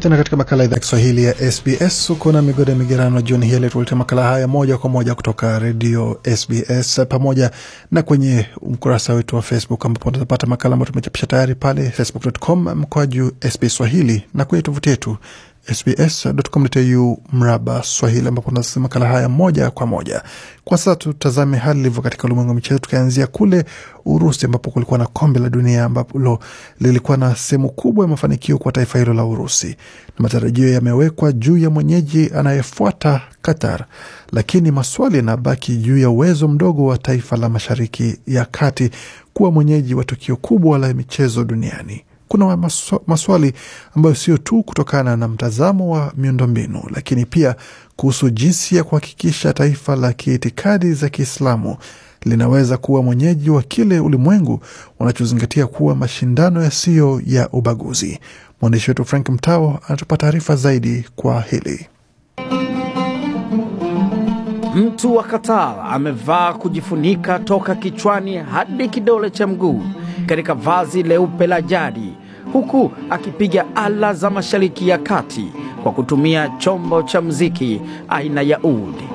Karibu tena katika makala ya idhaa Kiswahili ya SBS. Uko na migode ya migerano jioni hii, letuletea makala haya moja kwa moja kutoka redio SBS pamoja na kwenye ukurasa wetu wa Facebook, ambapo utapata makala ambayo tumechapisha tayari pale facebook.com mkoa juu SBS Swahili na kwenye tovuti yetu sbs.com.au mraba Swahili, ambapo tunasema makala haya moja kwa moja. Kwa sasa tutazame hali ilivyo katika ulimwengu wa michezo, tukianzia kule Urusi ambapo kulikuwa na kombe la dunia ambalo lilikuwa na sehemu kubwa ya mafanikio kwa taifa hilo la Urusi na matarajio yamewekwa juu ya mwenyeji anayefuata Qatar, lakini maswali yanabaki juu ya uwezo mdogo wa taifa la Mashariki ya Kati kuwa mwenyeji wa tukio kubwa la michezo duniani kuna maswali ambayo sio tu kutokana na mtazamo wa miundombinu, lakini pia kuhusu jinsi ya kuhakikisha taifa la kiitikadi za Kiislamu linaweza kuwa mwenyeji wa kile ulimwengu unachozingatia kuwa mashindano yasiyo ya ubaguzi. Mwandishi wetu Frank Mtao anatupa taarifa zaidi kwa hili. Mtu wa Qatar amevaa kujifunika toka kichwani hadi kidole cha mguu katika vazi leupe la jadi huku akipiga ala za Mashariki ya Kati kwa kutumia chombo cha muziki aina ya udi.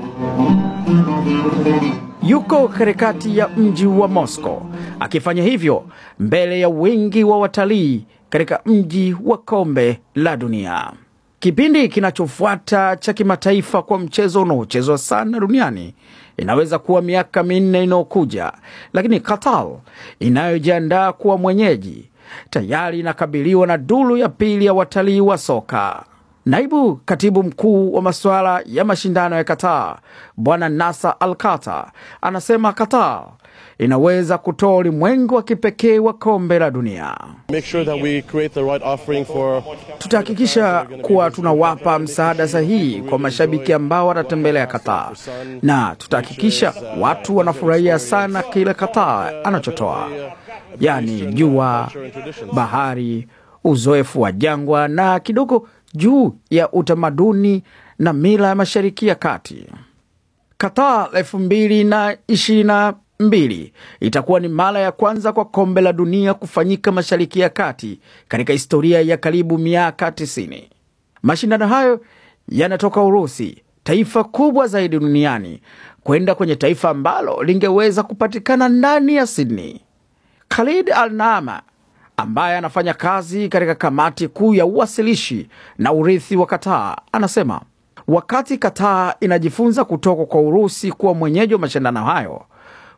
Yuko katikati ya mji wa Moscow akifanya hivyo mbele ya wingi wa watalii katika mji wa kombe la dunia. Kipindi kinachofuata cha kimataifa kwa mchezo unaochezwa sana duniani inaweza kuwa miaka minne inayokuja, lakini Qatar inayojiandaa kuwa mwenyeji tayari inakabiliwa na duru ya pili ya watalii wa soka. Naibu katibu mkuu wa masuala ya mashindano ya Qatar Bwana Nasa Al Kata anasema Qatar inaweza kutoa ulimwengu wa kipekee wa kombe la dunia. Sure right for... tutahakikisha kuwa tunawapa msaada sahihi kwa mashabiki ambao watatembelea Qatar na tutahakikisha watu wanafurahia sana kile kataa anachotoa yani jua, bahari, uzoefu wa jangwa na kidogo juu ya utamaduni na mila ya Mashariki ya Kati. Qatar elfu mbili na ishirini na mbili itakuwa ni mara ya kwanza kwa kombe la dunia kufanyika Mashariki ya Kati katika historia ya karibu miaka 90. Mashindano hayo yanatoka Urusi, taifa kubwa zaidi duniani, kwenda kwenye taifa ambalo lingeweza kupatikana ndani ya Sydney. Khalid Al-Naama ambaye anafanya kazi katika kamati kuu ya uwasilishi na urithi wa kataa anasema wakati Kataa inajifunza kutoka kwa Urusi kuwa mwenyeji wa mashindano hayo,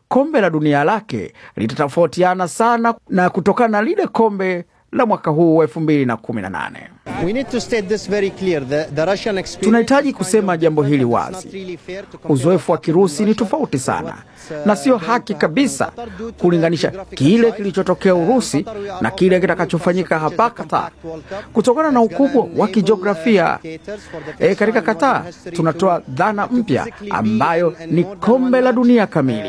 kombe la dunia lake litatofautiana sana na kutokana na lile kombe la mwaka huu wa 218 Tunahitaji kusema jambo hili wazi. Uzoefu wa Kirusi ni tofauti sana, na sio haki kabisa kulinganisha kile kilichotokea uh, Urusi na kile kitakachofanyika hapa kata kutokana na ukubwa wa uh, kijiografia. E, katika Qatar tunatoa dhana mpya ambayo ni kombe la dunia uh, kamili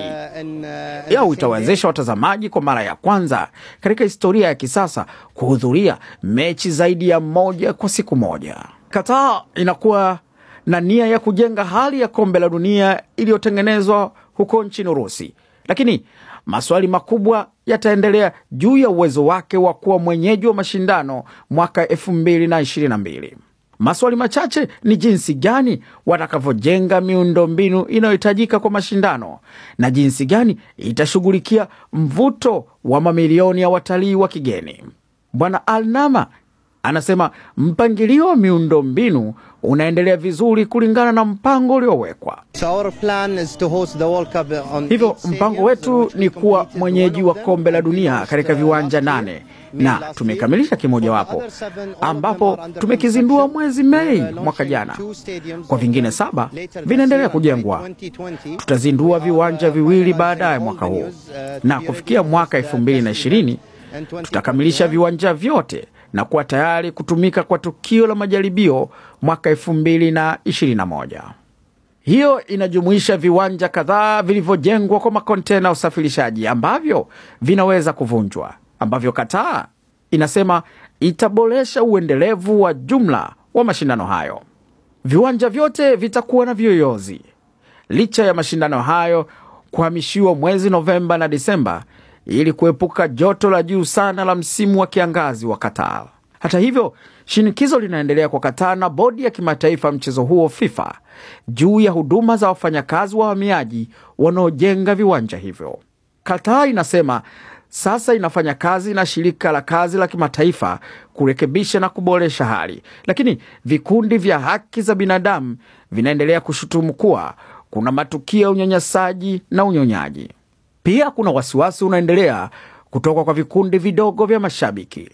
yao itawezesha watazamaji kwa mara ya kwanza katika historia ya kisasa kuhudhuria mechi zaidi ya moja moja kwa siku moja. Qatar inakuwa na nia ya kujenga hali ya kombe la dunia iliyotengenezwa huko nchini Urusi, lakini maswali makubwa yataendelea juu ya uwezo wake wa kuwa mwenyeji wa mashindano mwaka 2022. Maswali machache ni jinsi gani watakavyojenga miundombinu inayohitajika kwa mashindano na jinsi gani itashughulikia mvuto wa mamilioni ya watalii wa kigeni. Bwana Alnama Anasema mpangilio wa miundo mbinu unaendelea vizuri kulingana na mpango uliowekwa. hivyo mpango wetu ni kuwa mwenyeji wa kombe la dunia katika viwanja nane na tumekamilisha kimojawapo ambapo tumekizindua mwezi Mei mwaka jana. Kwa vingine saba vinaendelea kujengwa. Tutazindua viwanja uh, viwili baadaye mwaka huu, uh, na kufikia mwaka 2020 tutakamilisha viwanja vyote na kuwa tayari kutumika kwa tukio la majaribio mwaka 2021. Hiyo inajumuisha viwanja kadhaa vilivyojengwa kwa makontena ya usafirishaji ambavyo vinaweza kuvunjwa, ambavyo Kataa inasema itaboresha uendelevu wa jumla wa mashindano hayo. Viwanja vyote vitakuwa na viyoyozi. Licha ya mashindano hayo kuhamishiwa mwezi Novemba na Disemba, ili kuepuka joto la juu sana la msimu wa kiangazi wa Qatar. Hata hivyo, shinikizo linaendelea kwa Qatar na bodi ya kimataifa mchezo huo FIFA juu ya huduma za wafanyakazi wa wahamiaji wanaojenga viwanja hivyo. Qatar inasema sasa inafanya kazi na shirika la kazi la kimataifa kurekebisha na kuboresha hali, lakini vikundi vya haki za binadamu vinaendelea kushutumu kuwa kuna matukio ya unyanyasaji na unyonyaji. Pia kuna wasiwasi unaendelea kutoka kwa vikundi vidogo vya mashabiki.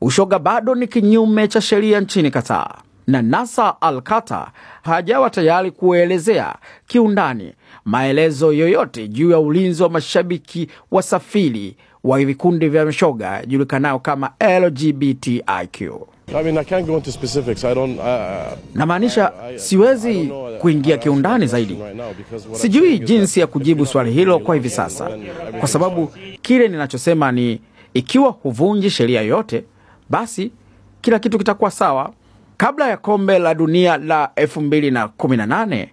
Ushoga bado ni kinyume cha sheria nchini Qatar na nasa Al-Khattani hajawa tayari kuelezea kiundani maelezo yoyote juu ya ulinzi wa mashabiki wasafiri wa vikundi vya mashoga julikanayo kama LGBTIQ. I mean, I can't go into specifics. I don't, uh, namaanisha siwezi kuingia kiundani zaidi. Sijui jinsi ya kujibu swali hilo kwa hivi sasa, kwa sababu kile ninachosema ni ikiwa huvunji sheria yote, basi kila kitu kitakuwa sawa. Kabla ya kombe la dunia la 2018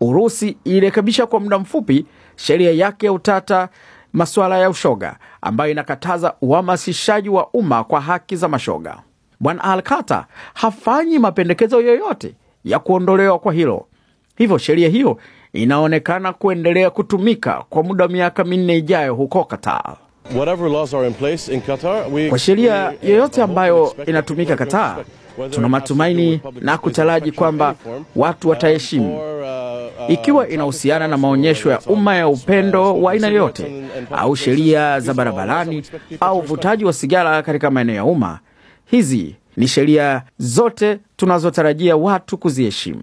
Urusi ilirekebisha kwa muda mfupi sheria yake ya utata masuala ya ushoga ambayo inakataza uhamasishaji wa umma kwa haki za mashoga. Bwana Alkata hafanyi mapendekezo yoyote ya kuondolewa kwa hilo, Hivyo sheria hiyo inaonekana kuendelea kutumika kwa muda wa miaka minne ijayo huko Qatar. Kwa sheria uh, yoyote ambayo inatumika Qatar, tuna matumaini na kutaraji kwamba watu uh, wataheshimu, uh, ikiwa inahusiana na maonyesho ya umma ya upendo wa aina yoyote, au sheria za barabarani, au uvutaji wa sigara katika maeneo ya umma. Hizi ni sheria zote tunazotarajia watu kuziheshimu.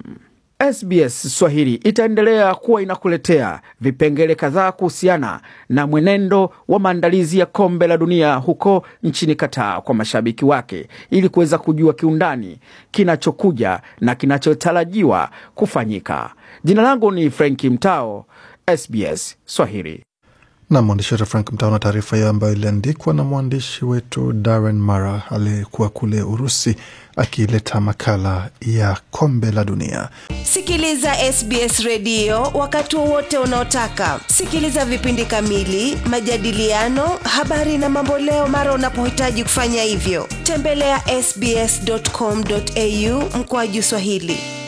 SBS Swahili itaendelea kuwa inakuletea vipengele kadhaa kuhusiana na mwenendo wa maandalizi ya kombe la dunia huko nchini Kataa kwa mashabiki wake ili kuweza kujua kiundani kinachokuja na kinachotarajiwa kufanyika. Jina langu ni frenki Mtao, SBS Swahili na mwandishi wetu Frank Mtao na taarifa hiyo ambayo iliandikwa na mwandishi wetu Darren Mara aliyekuwa kule Urusi akileta makala ya kombe la dunia. Sikiliza SBS redio wakati wowote unaotaka. Sikiliza vipindi kamili, majadiliano, habari na mamboleo mara unapohitaji kufanya hivyo. Tembelea ya sbs.com.au mkoaju Swahili.